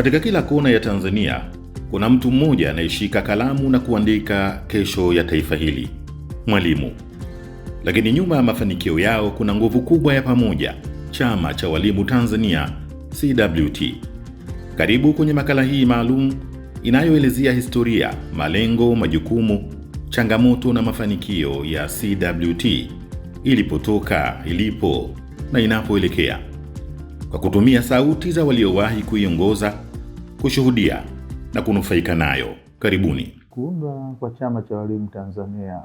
Katika kila kona ya Tanzania kuna mtu mmoja anayeshika kalamu na kuandika kesho ya taifa hili, mwalimu. Lakini nyuma ya mafanikio yao kuna nguvu kubwa ya pamoja, chama cha walimu Tanzania, CWT. Karibu kwenye makala hii maalum inayoelezea historia, malengo, majukumu, changamoto na mafanikio ya CWT, ilipotoka, ilipo na inapoelekea, kwa kutumia sauti za waliowahi kuiongoza kushuhudia na kunufaika nayo. Karibuni. Kuundwa kwa chama cha walimu Tanzania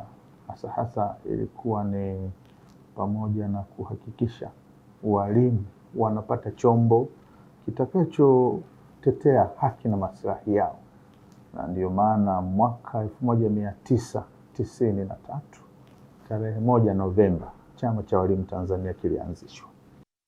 hasa hasa ilikuwa ni pamoja na kuhakikisha walimu wanapata chombo kitakachotetea haki na maslahi yao, na ndiyo maana mwaka elfu moja mia tisa tisini na tatu tarehe moja Novemba chama cha walimu Tanzania kilianzishwa.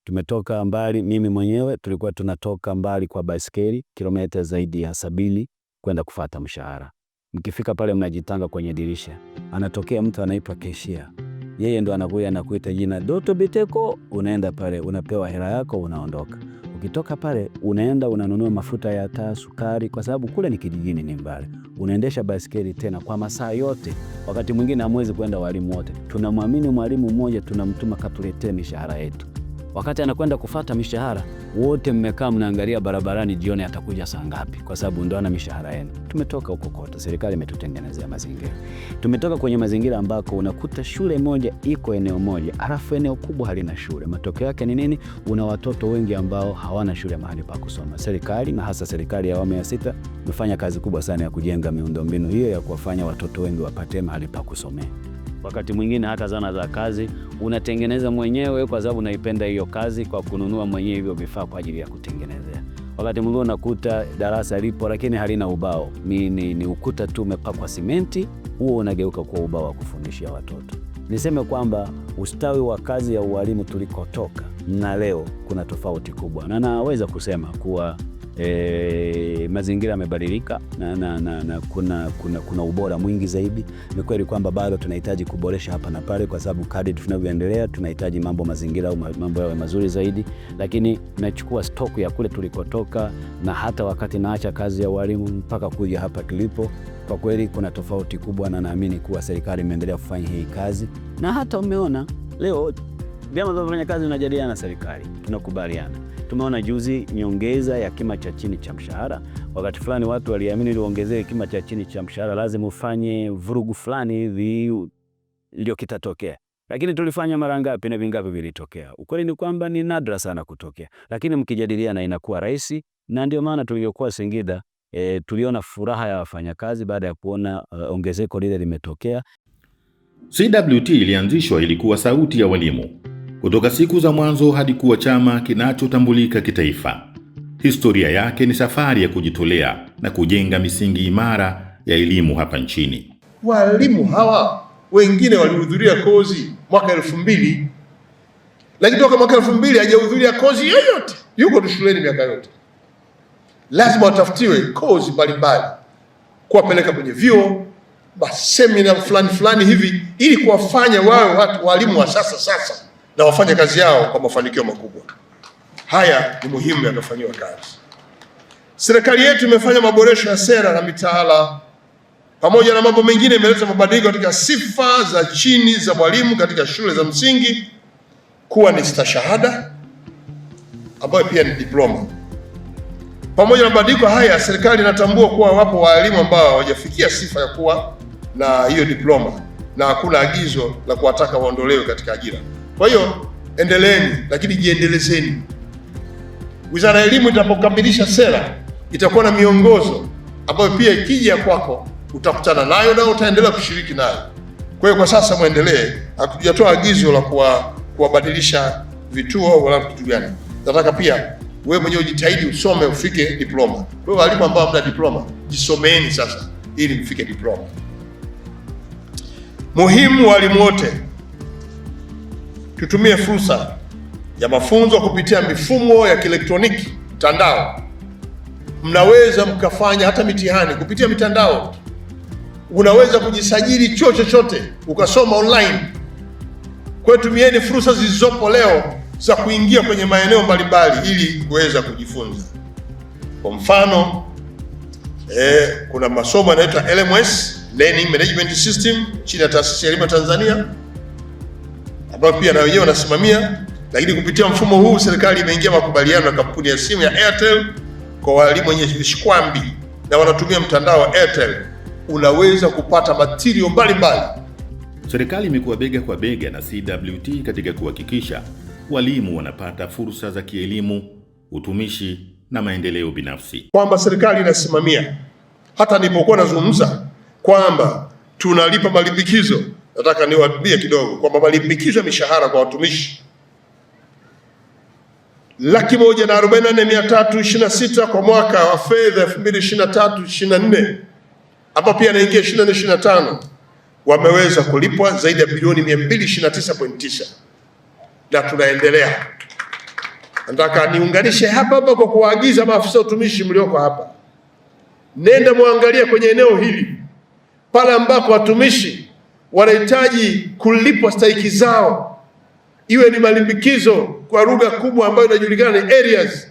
Tumetoka mbali, mimi mwenyewe tulikuwa tunatoka mbali kwa baisikeli kilomita zaidi ya sabini kwenda kufata mshahara. Mkifika pale mnajitanga kwenye dirisha, anatokea mtu anaitwa Keshia, yeye ndo anakuja anakuita jina Doto Biteko. Unaenda pale unapewa hela yako, unaondoka. Ukitoka pale unaenda unanunua mafuta ya taa, sukari, kwa sababu kule ni kijijini, ni mbali. Unaendesha baisikeli tena kwa masaa yote, wakati mwingine hamwezi kwenda walimu wote. Tunamwamini mwalimu mmoja, tunamtuma katuletee mishahara yetu wakati anakwenda kufata mishahara, wote mmekaa mnaangalia barabarani, jioni atakuja saa ngapi, kwa sababu ndo ana mishahara yenu. Tumetoka huko kote, serikali imetutengenezea mazingira. Tumetoka kwenye mazingira ambako unakuta shule moja iko eneo moja, alafu eneo kubwa halina shule. Matokeo yake ni nini? Una watoto wengi ambao hawana shule mahali pa kusoma. Serikali na hasa serikali ya awamu ya sita imefanya kazi kubwa sana ya kujenga miundombinu hiyo ya kuwafanya watoto wengi wapate mahali pa kusomea wakati mwingine hata zana za kazi unatengeneza mwenyewe, kwa sababu unaipenda hiyo kazi, kwa kununua mwenyewe hivyo vifaa kwa ajili ya kutengenezea. Wakati mwingine unakuta darasa lipo lakini halina ubao, ni, ni, ni ukuta tu umepakwa simenti, huo unageuka kuwa ubao wa kufundishia watoto. Niseme kwamba ustawi wa kazi ya ualimu tulikotoka na leo kuna tofauti kubwa, na naweza kusema kuwa e, mazingira yamebadilika na, na, na, na kuna, kuna, kuna ubora mwingi zaidi. Ni kweli kwamba bado tunahitaji kuboresha hapa na pale, kwa sababu kadri tunavyoendelea tunahitaji mambo mazingira au mambo yawe mazuri zaidi, lakini nachukua stoku ya kule tulikotoka, na hata wakati naacha kazi ya ualimu mpaka kuja hapa tulipo kwa kweli kuna tofauti kubwa, na naamini kuwa serikali imeendelea kufanya hii kazi, na hata umeona leo vyama vya wafanyakazi vinajadiliana na serikali, tunakubaliana Tumeona juzi nyongeza ya kima cha chini cha mshahara. Wakati fulani watu waliamini ili uongezewe kima cha chini cha mshahara lazima ufanye vurugu fulani hivi ndio kitatokea, lakini tulifanya mara ngapi na vingapi vilitokea? Ukweli ni kwamba ni nadra sana kutokea, lakini mkijadiliana inakuwa rahisi, na ndio maana tuliokuwa Singida e, tuliona furaha ya wafanyakazi baada ya kuona uh, ongezeko lile limetokea. CWT ilianzishwa ilikuwa sauti ya walimu kutoka siku za mwanzo hadi kuwa chama kinachotambulika kitaifa. Historia yake ni safari ya kujitolea na kujenga misingi imara ya elimu hapa nchini. Walimu hawa wengine walihudhuria kozi mwaka elfu mbili lakini toka mwaka elfu mbili hajahudhuria kozi yoyote, yuko tu shuleni miaka yote. Lazima watafutiwe kozi mbalimbali, kuwapeleka kwenye vyuo, masemina fulani fulani hivi, ili kuwafanya wawe watu walimu wa sasa sasa na wafanye kazi yao kwa mafanikio makubwa. Haya ni muhimu yanayofanyiwa kazi. Serikali yetu imefanya maboresho ya sera na mitaala, pamoja na mambo mengine, imeleta mabadiliko katika sifa za chini za mwalimu katika shule za msingi kuwa ni stashahada ambayo pia ni diploma. Pamoja na mabadiliko haya, serikali inatambua kuwa wapo waalimu ambao hawajafikia sifa ya kuwa na hiyo diploma na hakuna agizo la kuwataka waondolewe katika ajira. Kwa hiyo endeleeni, lakini jiendelezeni. Wizara ya Elimu itapokamilisha sera itakuwa na miongozo ambayo pia ikija kwako utakutana nayo na utaendelea kushiriki nayo. Kwa hiyo kwa sasa mwendelee, hatujatoa agizo la kuwabadilisha vituo wala kitu gani. Nataka pia wewe mwenyewe ujitahidi usome ufike diploma. Kwa hiyo walimu ambao hamna diploma, jisomeeni sasa ili mfike diploma. Muhimu walimu wote tutumie fursa ya mafunzo kupitia mifumo ya kielektroniki mtandao. Mnaweza mkafanya hata mitihani kupitia mitandao. Unaweza kujisajili chuo chochote ukasoma online. Kwa hiyo tumieni fursa zilizopo leo za kuingia kwenye maeneo mbalimbali ili kuweza kujifunza. Kwa mfano eh, kuna masomo yanaitwa LMS, Learning Management System, chini ya Taasisi ya Elimu Tanzania ambao pia na wenyewe wanasimamia, lakini kupitia mfumo huu serikali imeingia makubaliano na kampuni ya simu ya Airtel kwa walimu wenye vishikwambi na wanatumia mtandao wa Airtel, unaweza kupata matirio mbalimbali. Serikali imekuwa bega kwa bega na CWT katika kuhakikisha walimu wanapata fursa za kielimu, utumishi na maendeleo binafsi, kwamba serikali inasimamia. Hata nilipokuwa nazungumza kwamba tunalipa malimbikizo nataka niwaambie kidogo kwamba malipikizo ya mishahara kwa watumishi laki moja na arobaini na nne mia tatu ishirini na sita kwa mwaka wa fedha elfu mbili ishirini na tatu ishirini na nne ambao pia anaingia ishirini na nne ishirini na tano wameweza kulipwa zaidi ya bilioni mia mbili ishirini na tisa tisa na tunaendelea. Nataka niunganishe hapa hapa kwa kuwaagiza maafisa utumishi mlioko hapa, nenda mwangalia kwenye eneo hili pale ambako watumishi wanahitaji kulipwa stahiki zao, iwe ni malimbikizo kwa lugha kubwa ambayo inajulikana ni arrears.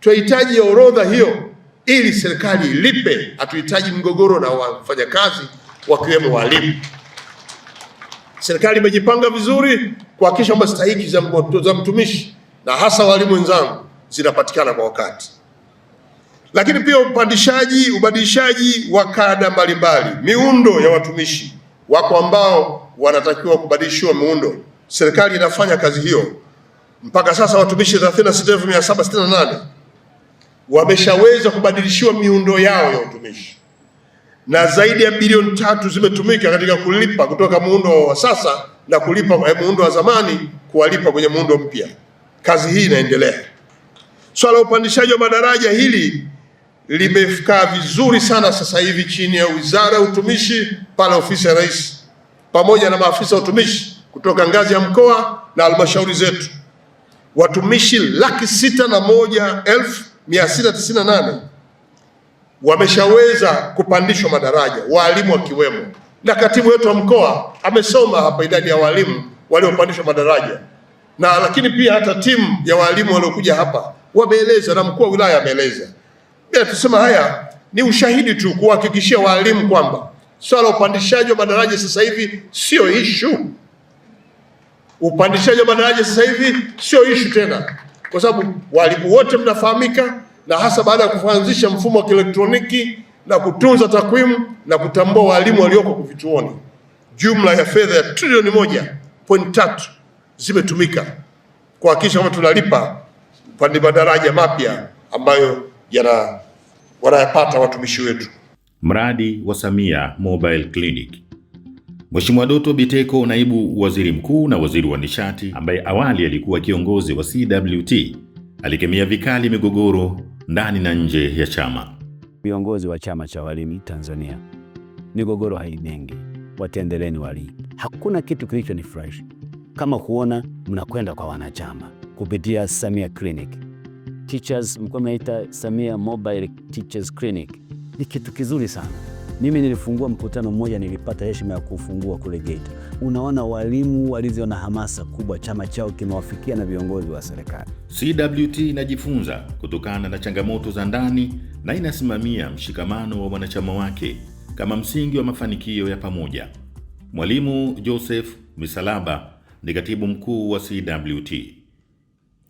Tunahitaji orodha hiyo ili serikali ilipe. Hatuhitaji mgogoro na wafanyakazi wakiwemo walimu. Serikali imejipanga vizuri kuhakikisha kwamba stahiki za mtumishi na hasa walimu wenzangu zinapatikana kwa wakati, lakini pia upandishaji, ubadilishaji wa kada mbalimbali, miundo ya watumishi wako ambao wanatakiwa kubadilishiwa muundo. Serikali inafanya kazi hiyo. Mpaka sasa watumishi 36768 wameshaweza kubadilishiwa miundo yao ya utumishi na zaidi ya bilioni tatu zimetumika katika kulipa kutoka muundo wa sasa na kulipa eh, muundo wa zamani, kuwalipa kwenye muundo mpya. Kazi hii inaendelea. Swala la upandishaji wa madaraja hili limekaa vizuri sana sasa hivi chini ya Wizara ya Utumishi pale Ofisi ya Rais, pamoja na maafisa wa utumishi kutoka ngazi ya mkoa na halmashauri zetu. Watumishi laki sita na moja elfu mia sita tisini na nane wameshaweza kupandishwa madaraja, waalimu wakiwemo, na katibu wetu wa mkoa amesoma hapa idadi ya waalimu waliopandishwa madaraja na lakini pia hata timu ya waalimu waliokuja hapa wameeleza na mkuu wa wilaya ameeleza. Bila tusema haya ni ushahidi tu kuhakikishia waalimu kwamba swala la upandishaji wa madaraja sasa hivi sio ishu. Upandishaji wa madaraja sasa hivi sio ishu tena, kwa sababu waalimu wote mnafahamika, na hasa baada ya kuanzisha mfumo wa kielektroniki na kutunza takwimu na kutambua waalimu walioko vituoni, jumla ya fedha ya trilioni moja point tatu zimetumika kuhakikisha kwamba tunalipa pande madaraja mapya ambayo yana wanayapata watumishi wetu. Mradi wa Samia Mobile Clinic. Mheshimiwa Doto Biteko, naibu waziri mkuu na waziri wa nishati, ambaye awali alikuwa kiongozi wa CWT, alikemea vikali migogoro ndani na nje ya chama. Viongozi wa chama cha walimu Tanzania, migogoro haijengi, watendeleni walimu. Hakuna kitu kilichonifurahisha kama kuona mnakwenda kwa wanachama kupitia Samia Clinic teachers, mlikuwa mnaita Samia Mobile Teachers Clinic. Ni kitu kizuri sana. Mimi nilifungua mkutano mmoja, nilipata heshima ya kufungua kule Geita. Unaona walimu na hamasa kubwa, chama chao kimewafikia na viongozi wa serikali. CWT inajifunza kutokana na changamoto za ndani na inasimamia mshikamano wa wanachama wake kama msingi wa mafanikio ya pamoja. Mwalimu Joseph Misalaba ni katibu mkuu wa CWT.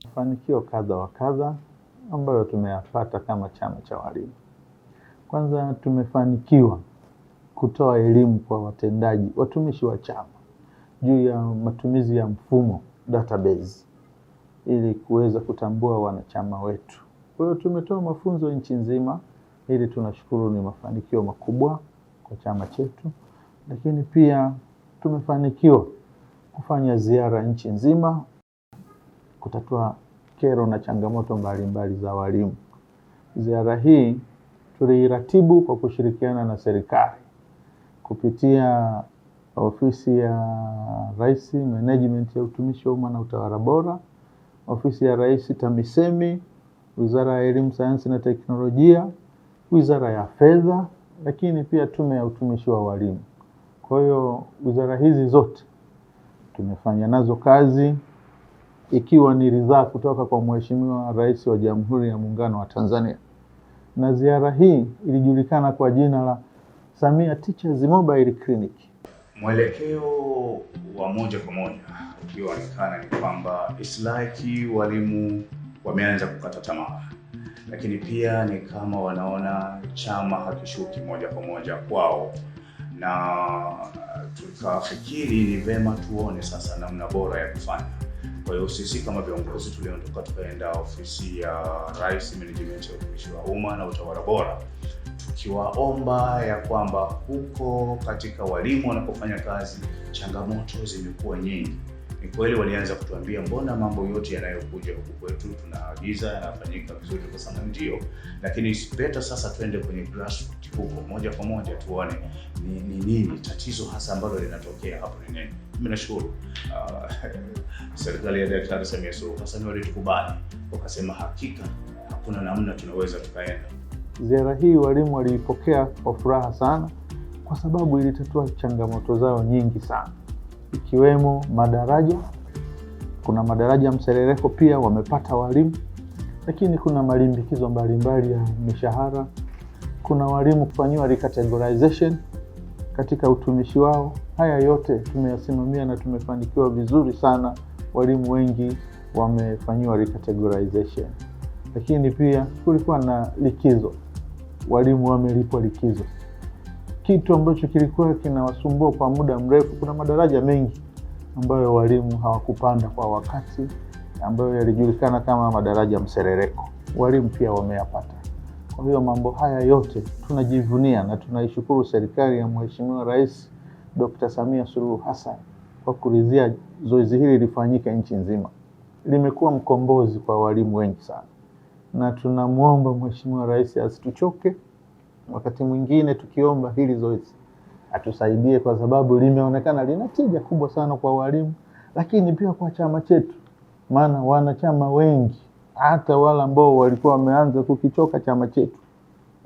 Mafanikio kadha wa kadha ambayo tumeyapata kama chama cha walimu. Kwanza tumefanikiwa kutoa elimu kwa watendaji, watumishi wa chama juu ya matumizi ya mfumo database ili kuweza kutambua wanachama wetu. Kwa hiyo tumetoa mafunzo nchi nzima, ili tunashukuru ni mafanikio makubwa kwa chama chetu, lakini pia tumefanikiwa kufanya ziara nchi nzima kutatua kero na changamoto mbalimbali za walimu. Ziara hii tuliiratibu kwa kushirikiana na serikali kupitia ofisi ya Rais Management ya Utumishi wa Umma na Utawala Bora, ofisi ya Rais TAMISEMI, Wizara ya Elimu, Sayansi na Teknolojia, Wizara ya Fedha, lakini pia Tume ya Utumishi wa Walimu. Kwa hiyo wizara hizi zote tumefanya nazo kazi ikiwa ni ridhaa kutoka kwa Mheshimiwa Rais wa Jamhuri ya Muungano wa Tanzania, na ziara hii ilijulikana kwa jina la Samia Teachers Mobile Clinic. Mwelekeo wa moja kwa moja ulioonekana ni kwamba islaiki walimu wameanza kukata tamaa, lakini pia ni kama wanaona chama hakishuki moja kwa moja kwao, na tukafikiri ni vema tuone sasa namna bora ya kufanya kwa hiyo sisi kama viongozi tuliondoka tukaenda ofisi ya Rais, management ya Utumishi wa Umma na Utawala Bora, tukiwaomba ya kwamba huko katika walimu wanapofanya kazi changamoto zimekuwa nyingi. Ni kweli walianza kutuambia, mbona mambo yote yanayokuja huku kwetu tunaagiza yanafanyika vizuri? Tukasema ndio, lakini beta sasa twende kwenye grassroots huko moja kwa moja tuone ni nini tatizo hasa ambalo linatokea hapo ni nini. Mimi nashukuru uh, serikali ya Daktari Samia Suluhu Hassan walitukubali, wakasema hakika hakuna namna tunaweza tukaenda. Ziara hii walimu waliipokea kwa furaha sana, kwa sababu ilitatua changamoto zao nyingi sana, ikiwemo madaraja. Kuna madaraja ya mserereko pia wamepata walimu, lakini kuna malimbikizo mbalimbali ya mishahara, kuna walimu kufanyiwa recategorization katika utumishi wao. Haya yote tumeyasimamia na tumefanikiwa vizuri sana walimu wengi wamefanyiwa recategorization, lakini pia kulikuwa na likizo, walimu wamelipwa likizo, kitu ambacho kilikuwa kinawasumbua kwa muda mrefu. Kuna madaraja mengi ambayo walimu hawakupanda kwa wakati, ambayo yalijulikana kama madaraja mserereko, walimu pia wameyapata. Kwa hiyo mambo haya yote tunajivunia na tunaishukuru serikali ya Mheshimiwa Rais Dr. Samia Suluhu Hassan kwa kuridhia zoezi hili lifanyike nchi nzima. Limekuwa mkombozi kwa walimu wengi sana, na tunamwomba Mheshimiwa Rais asituchoke wakati mwingine tukiomba hili zoezi atusaidie, kwa sababu limeonekana lina tija kubwa sana kwa walimu, lakini pia kwa chama chetu, maana wanachama wengi hata wale ambao walikuwa wameanza kukichoka chama chetu,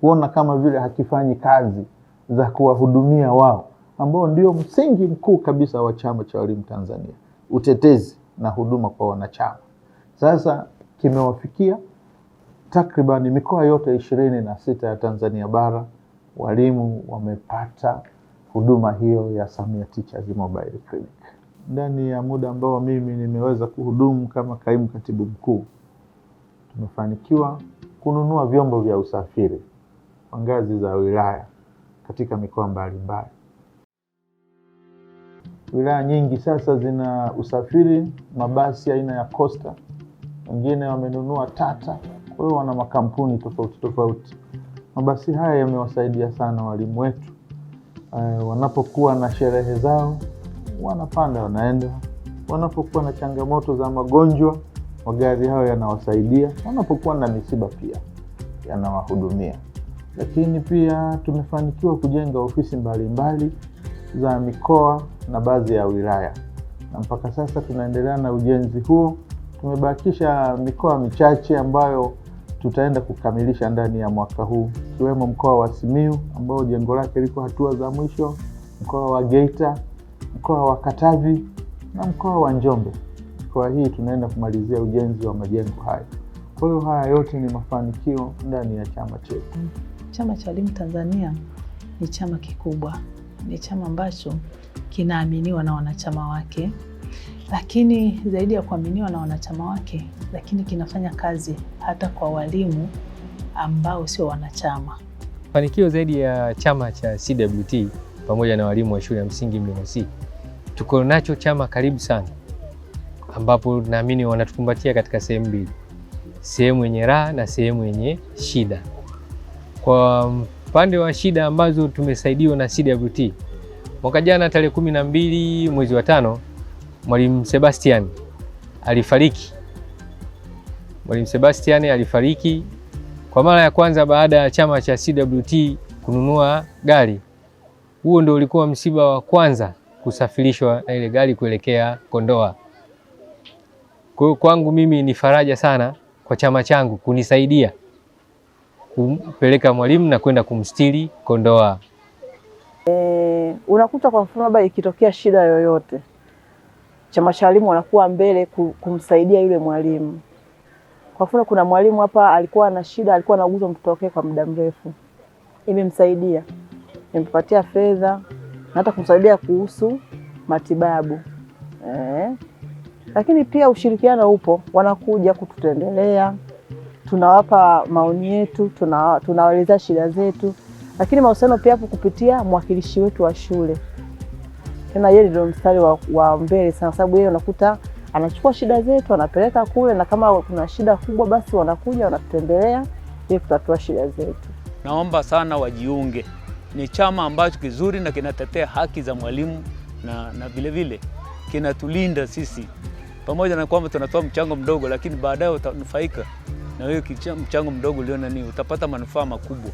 kuona kama vile hakifanyi kazi za kuwahudumia wao ambao ndio msingi mkuu kabisa wa Chama cha Walimu Tanzania, utetezi na huduma kwa wanachama. Sasa kimewafikia takribani mikoa yote ishirini na sita ya Tanzania bara, walimu wamepata huduma hiyo ya Samia Teachers Mobile Clinic. Ndani ya muda ambao mimi nimeweza kuhudumu kama kaimu katibu mkuu, tumefanikiwa kununua vyombo vya usafiri kwa ngazi za wilaya katika mikoa mbalimbali wilaya nyingi sasa zina usafiri mabasi aina ya kosta wengine wamenunua Tata, kwa hiyo wana makampuni tofauti tofauti. Mabasi haya yamewasaidia sana walimu wetu e, wanapokuwa na sherehe zao wanapanda wanaenda, wanapokuwa na changamoto za magonjwa magari hayo yanawasaidia, wanapokuwa na misiba pia yanawahudumia. Lakini pia tumefanikiwa kujenga ofisi mbalimbali mbali, za mikoa na baadhi ya wilaya, na mpaka sasa tunaendelea na ujenzi huo. Tumebakisha mikoa michache ambayo tutaenda kukamilisha ndani ya mwaka huu, ikiwemo mkoa wa simiu ambao jengo lake liko hatua za mwisho, mkoa wa Geita, mkoa wa Katavi na mkoa wa Njombe. Mikoa hii tunaenda kumalizia ujenzi wa majengo haya. Kwa hiyo haya yote ni mafanikio ndani ya chama chetu. Chama cha Walimu Tanzania ni chama kikubwa ni chama ambacho kinaaminiwa na wanachama wake, lakini zaidi ya kuaminiwa na wanachama wake, lakini kinafanya kazi hata kwa walimu ambao sio wanachama. Mafanikio zaidi ya chama cha CWT pamoja na walimu wa shule ya msingi Mlonosi, tuko nacho chama karibu sana, ambapo naamini wanatukumbatia katika sehemu mbili, sehemu yenye raha na sehemu yenye shida kwa Upande wa shida ambazo tumesaidiwa na CWT, mwaka jana tarehe kumi na mbili mwezi wa tano mwalimu Sebastian alifariki. Mwalimu Sebastian alifariki kwa mara ya kwanza baada ya chama cha CWT kununua gari. Huo ndio ulikuwa msiba wa kwanza kusafirishwa na ile gari kuelekea Kondoa. Kwa hiyo kwangu mimi ni faraja sana kwa chama changu kunisaidia kumpeleka mwalimu na kwenda kumstiri Kondoa. E, unakuta kwa mfano labda ikitokea shida yoyote, chama cha walimu wanakuwa mbele kumsaidia yule mwalimu. Kwa mfano kuna mwalimu hapa alikuwa na shida, alikuwa anauguza mtoto wake kwa muda mrefu, imemsaidia, imempatia fedha na hata kumsaidia kuhusu matibabu e. Lakini pia ushirikiano upo, wanakuja kututendelea tunawapa maoni yetu, tunawaeleza shida zetu, lakini mahusiano pia hapo kupitia mwakilishi wetu wa shule. Tena yeye ndio mstari wa, wa mbele sana, sababu yeye unakuta anachukua shida zetu anapeleka kule, na kama kuna shida kubwa, basi wanakuja wanatutembelea ili kutatua shida zetu. Naomba sana wajiunge, ni chama ambacho kizuri na kinatetea haki za mwalimu na, na vilevile kinatulinda sisi, pamoja na kwamba tunatoa mchango mdogo, lakini baadaye utanufaika na wewe mchango mdogo uliona nini utapata manufaa makubwa?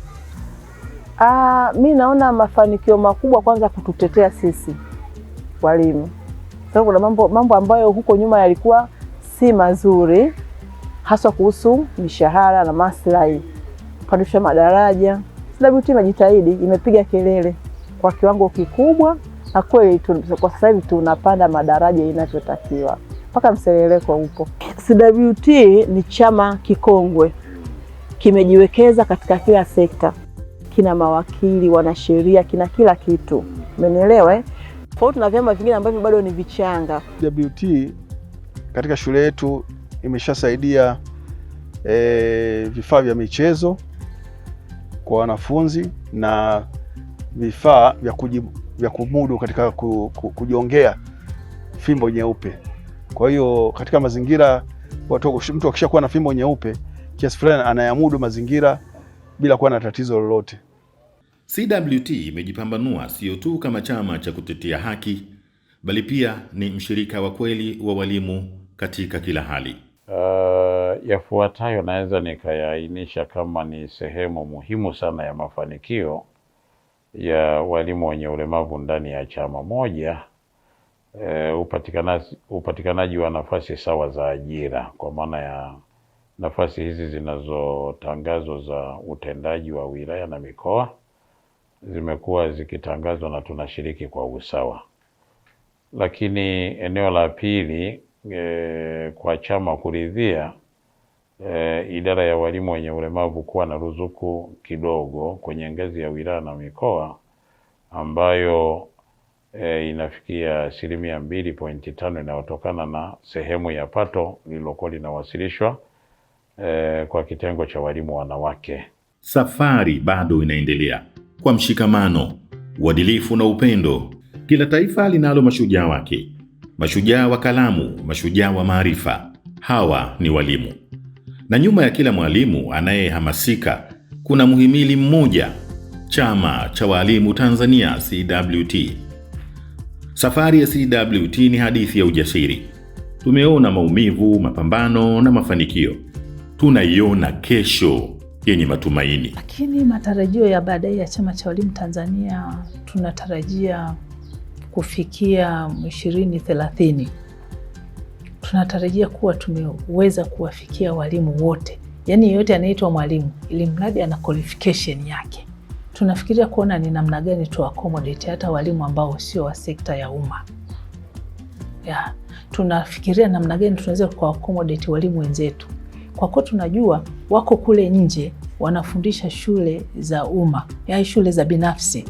Ah, mi naona mafanikio makubwa kwanza kututetea sisi walimu. sababu kuna mambo, mambo ambayo huko nyuma yalikuwa si mazuri haswa kuhusu mishahara na maslahi, kupandisha madaraja. CWT imejitahidi, imepiga kelele kwa kiwango kikubwa, na kweli kwa sasa hivi tunapanda madaraja inavyotakiwa mpaka mseleleko upo. CWT ni chama kikongwe, kimejiwekeza katika kila sekta, kina mawakili, wanasheria, kina kila kitu, umenielewa eh? Tofauti na vyama vingine ambavyo bado ni vichanga. CWT katika shule yetu imeshasaidia e, vifaa vya michezo kwa wanafunzi na vifaa vya kujibu, vya kumudu katika kujiongea fimbo nyeupe. Kwa hiyo katika mazingira watu, mtu akishakuwa na fimbo nyeupe kiasi fulani anayamudu mazingira bila kuwa na tatizo lolote. CWT imejipambanua sio tu kama chama cha kutetea haki bali pia ni mshirika wa kweli wa walimu katika kila hali. Uh, yafuatayo naweza nikayaainisha kama ni sehemu muhimu sana ya mafanikio ya walimu wenye ulemavu ndani ya chama moja e, eh, upatikanaji, upatikanaji wa nafasi sawa za ajira kwa maana ya nafasi hizi zinazotangazwa za utendaji wa wilaya na mikoa zimekuwa zikitangazwa na tunashiriki kwa usawa. Lakini eneo la pili e, kwa chama kuridhia e, idara ya walimu wenye ulemavu kuwa na ruzuku kidogo kwenye ngazi ya wilaya na mikoa ambayo e, inafikia asilimia mbili pointi tano inayotokana na sehemu ya pato lililokuwa linawasilishwa e, kwa kitengo cha walimu wanawake. Safari bado inaendelea kwa mshikamano, uadilifu na upendo. Kila taifa linalo mashujaa wake, mashujaa wa kalamu, mashujaa wa maarifa. Hawa ni walimu, na nyuma ya kila mwalimu anayehamasika kuna muhimili mmoja, chama cha walimu Tanzania CWT. Safari ya CWT ni hadithi ya ujasiri. Tumeona maumivu, mapambano na mafanikio. Tunaiona kesho yenye matumaini. Lakini matarajio ya baadaye ya Chama cha Walimu Tanzania tunatarajia kufikia 2030 tunatarajia kuwa tumeweza kuwafikia walimu wote, yaani yeyote anaitwa mwalimu, ili mradi ana qualification yake tunafikiria kuona ni namna gani tu accommodate hata walimu ambao sio wa sekta ya umma ya, tunafikiria namna gani tunaweza kwa accommodate walimu wenzetu, kwa kuwa tunajua wako kule nje wanafundisha shule za umma, yaani shule za binafsi,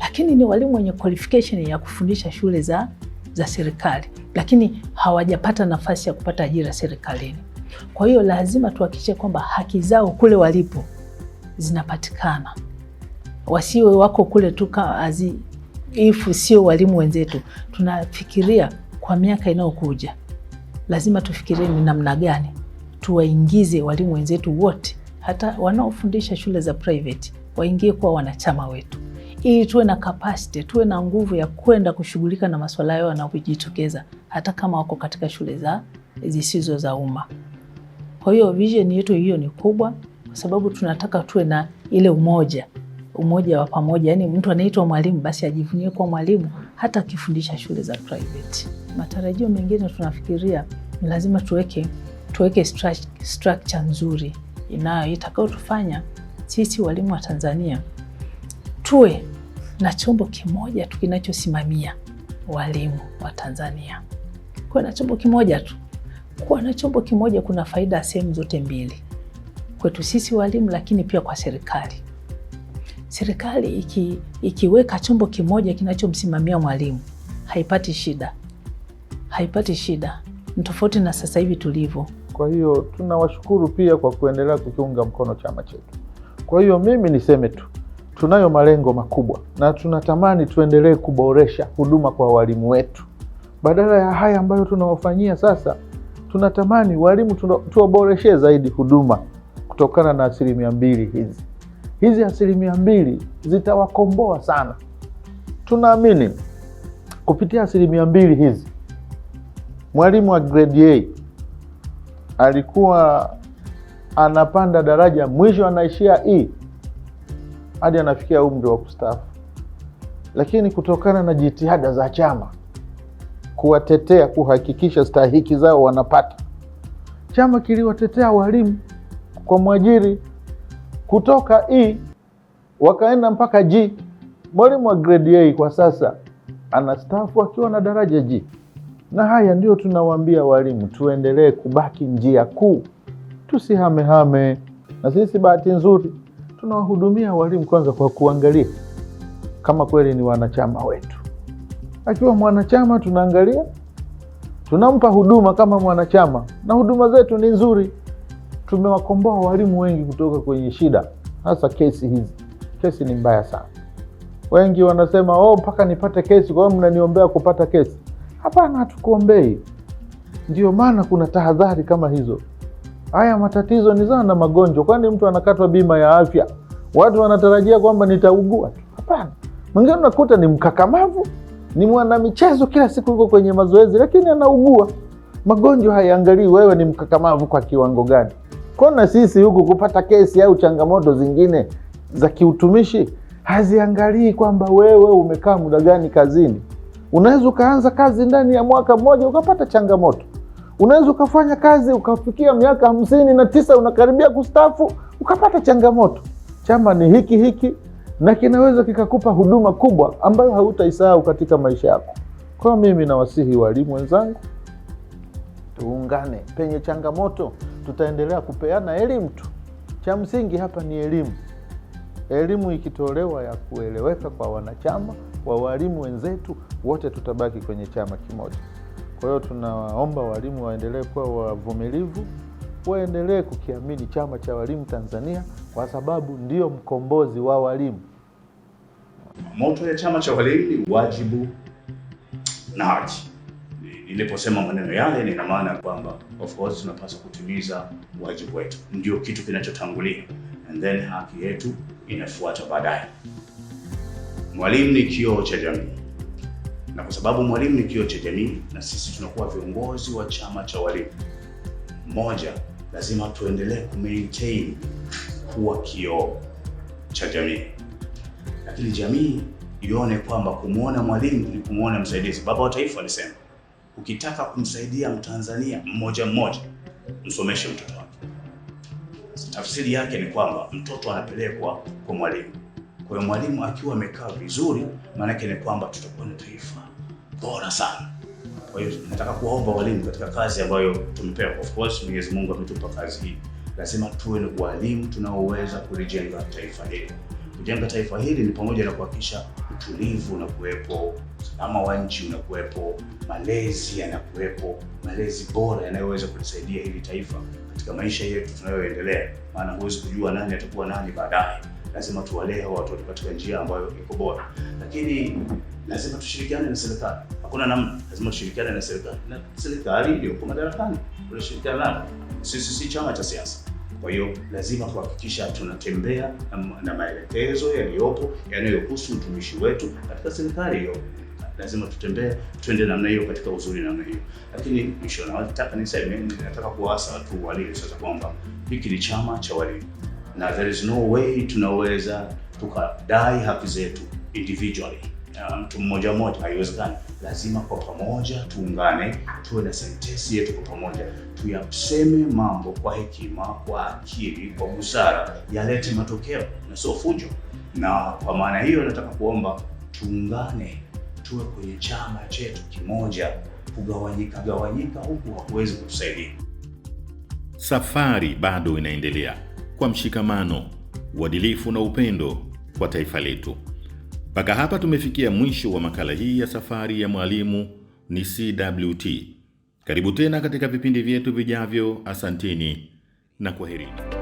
lakini ni walimu wenye qualification ya kufundisha shule za, za serikali, lakini hawajapata nafasi ya kupata ajira serikalini. Kwa hiyo lazima tuhakikishe kwamba haki zao kule walipo zinapatikana wasiwe wako kule tu azi ifu, sio walimu wenzetu, tunafikiria kwa miaka inayokuja lazima tufikirie ni namna gani tuwaingize walimu wenzetu wote, hata wanaofundisha shule za private waingie kuwa wanachama wetu, ili tuwe na capacity, tuwe na nguvu ya kwenda kushughulika na masuala yao yanapojitokeza, hata kama wako katika shule za zisizo za umma. Kwa hiyo vision yetu hiyo ni kubwa, kwa sababu tunataka tuwe na ile umoja umoja wa pamoja, yani mtu anaitwa mwalimu basi ajivunie kuwa mwalimu hata akifundisha shule za private. Matarajio mengine tunafikiria lazima tuweke tuweke structure nzuri inayo itakayotufanya sisi walimu wa Tanzania tuwe na chombo kimoja tu kinachosimamia walimu wa Tanzania. Kuwa na chombo kimoja tu, kuwa na chombo kimoja kuna faida sehemu zote mbili, kwetu sisi walimu, lakini pia kwa serikali serikali iki, ikiweka chombo kimoja kinachomsimamia mwalimu haipati shida, haipati shida, ni tofauti na sasa hivi tulivyo. Kwa hiyo tunawashukuru pia kwa kuendelea kukiunga mkono chama chetu. Kwa hiyo mimi niseme tu tunayo malengo makubwa na tunatamani tuendelee kuboresha huduma kwa walimu wetu, badala ya haya ambayo tunawafanyia sasa. Tunatamani walimu tuwaboreshee zaidi huduma kutokana na asilimia mbili hizi hizi asilimia mbili zitawakomboa sana. Tunaamini kupitia asilimia mbili hizi, mwalimu wa grade A alikuwa anapanda daraja, mwisho anaishia E hadi anafikia umri wa kustaafu, lakini kutokana na jitihada za chama kuwatetea, kuhakikisha stahiki zao wanapata, chama kiliwatetea walimu kwa mwajiri kutoka E wakaenda mpaka G. Mwalimu wa grade A kwa sasa anastaafu akiwa na daraja G, na haya ndio tunawaambia walimu, tuendelee kubaki njia kuu, tusihamehame. Na sisi bahati nzuri tunawahudumia walimu kwanza kwa kuangalia kama kweli ni wanachama wetu. Akiwa mwanachama, tunaangalia tunampa huduma kama mwanachama, na huduma zetu ni nzuri tumewakomboa walimu wengi kutoka kwenye shida, hasa kesi hizi. Kesi ni mbaya sana. Wengi wanasema oh, mpaka nipate kesi, kwa hiyo mnaniombea kupata kesi. Hapana, hatukuombei. Ndio maana kuna tahadhari kama hizo. Haya matatizo ni sana na magonjwa, kwani mtu anakatwa bima ya afya, watu wanatarajia kwamba nitaugua tu. Hapana, mwingine unakuta ni mkakamavu, ni mwanamichezo, kila siku yuko kwenye mazoezi, lakini anaugua. Magonjwa hayaangalii wewe ni mkakamavu kwa kiwango gani. Kona sisi huku kupata kesi au changamoto zingine za kiutumishi haziangalii kwamba wewe umekaa muda gani kazini. Unaweza ukaanza kazi ndani ya mwaka mmoja ukapata changamoto. Unaweza ukafanya kazi ukafikia miaka hamsini na tisa unakaribia kustafu ukapata changamoto. Chama ni hiki hiki na kinaweza kikakupa huduma kubwa ambayo hautaisahau katika maisha yako. Kwa mimi nawasihi walimu wenzangu, tuungane penye changamoto tutaendelea kupeana elimu tu. Cha msingi hapa ni elimu. Elimu ikitolewa ya kueleweka kwa wanachama wa walimu wenzetu, wote tutabaki kwenye chama kimoja. Kwa hiyo tunawaomba walimu waendelee kuwa wavumilivu, waendelee kukiamini chama cha walimu Tanzania kwa sababu ndio mkombozi wa walimu. Moto ya chama cha walimu ni wajibu na haki. Niliposema maneno yale, nina maana kwamba of course tunapaswa kutimiza wajibu wetu, ndio kitu kinachotangulia, and then haki yetu inafuata baadaye. Mwalimu ni kioo cha jamii, na kwa sababu mwalimu ni kioo cha jamii na sisi tunakuwa viongozi wa chama cha walimu, moja, lazima tuendelee ku maintain kuwa kioo cha jamii, lakini jamii ione kwamba kumwona mwalimu ni kumwona msaidizi. Baba wa Taifa alisema ukitaka kumsaidia Mtanzania mmoja mmoja, msomeshe mtoto wake. Tafsiri yake ni kwamba mtoto anapelekwa kwa mwalimu. Kwa hiyo mwalimu akiwa amekaa vizuri, maanake ni kwamba tutakuwa na taifa bora sana. Kwa hiyo nataka kuwaomba walimu katika kazi ambayo tumepewa. Of course Mwenyezi Mungu ametupa kazi hii, lazima tuwe ni walimu tunaoweza kulijenga taifa hili. Kujenga taifa hili ni pamoja na kuhakikisha utulivu unakuwepo, usalama wa nchi unakuwepo, malezi yanakuwepo, malezi bora yanayoweza kulisaidia hili taifa katika maisha yetu tunayoendelea. Maana huwezi kujua nani atakuwa nani baadaye. Lazima tuwalee watoto katika njia ambayo iko bora, lakini lazima tushirikiane na serikali. Hakuna namna, lazima tushirikiane na serikali, na serikali iliyoko madarakani tunashirikiana nao. Sisi si chama cha siasa kwa hiyo lazima kuhakikisha tunatembea na maelekezo yaliyopo yanayohusu utumishi wetu katika serikali hiyo lazima tutembee tuende namna hiyo katika uzuri namna hiyo. Lakini mwisho nataka niseme, nataka kuwaasa watu walio sasa kwamba hiki ni chama cha walimu na there is no way tunaweza tukadai haki zetu individually ah, mtu mmoja mmoja, haiwezekani lazima kwa pamoja tuungane, tuwe na sentensi yetu kwa pamoja, tuyaseme mambo kwa hekima, kwa akili, kwa busara, yalete matokeo na sio fujo. Na kwa maana hiyo, nataka kuomba tuungane, tuwe kwenye chama chetu kimoja. Kugawanyika gawanyika huku hakuwezi kutusaidia. Safari bado inaendelea kwa mshikamano, uadilifu na upendo kwa taifa letu. Mpaka hapa tumefikia mwisho wa makala hii ya safari ya mwalimu ni CWT. Karibu tena katika vipindi vyetu vijavyo. Asantini na kwaherini.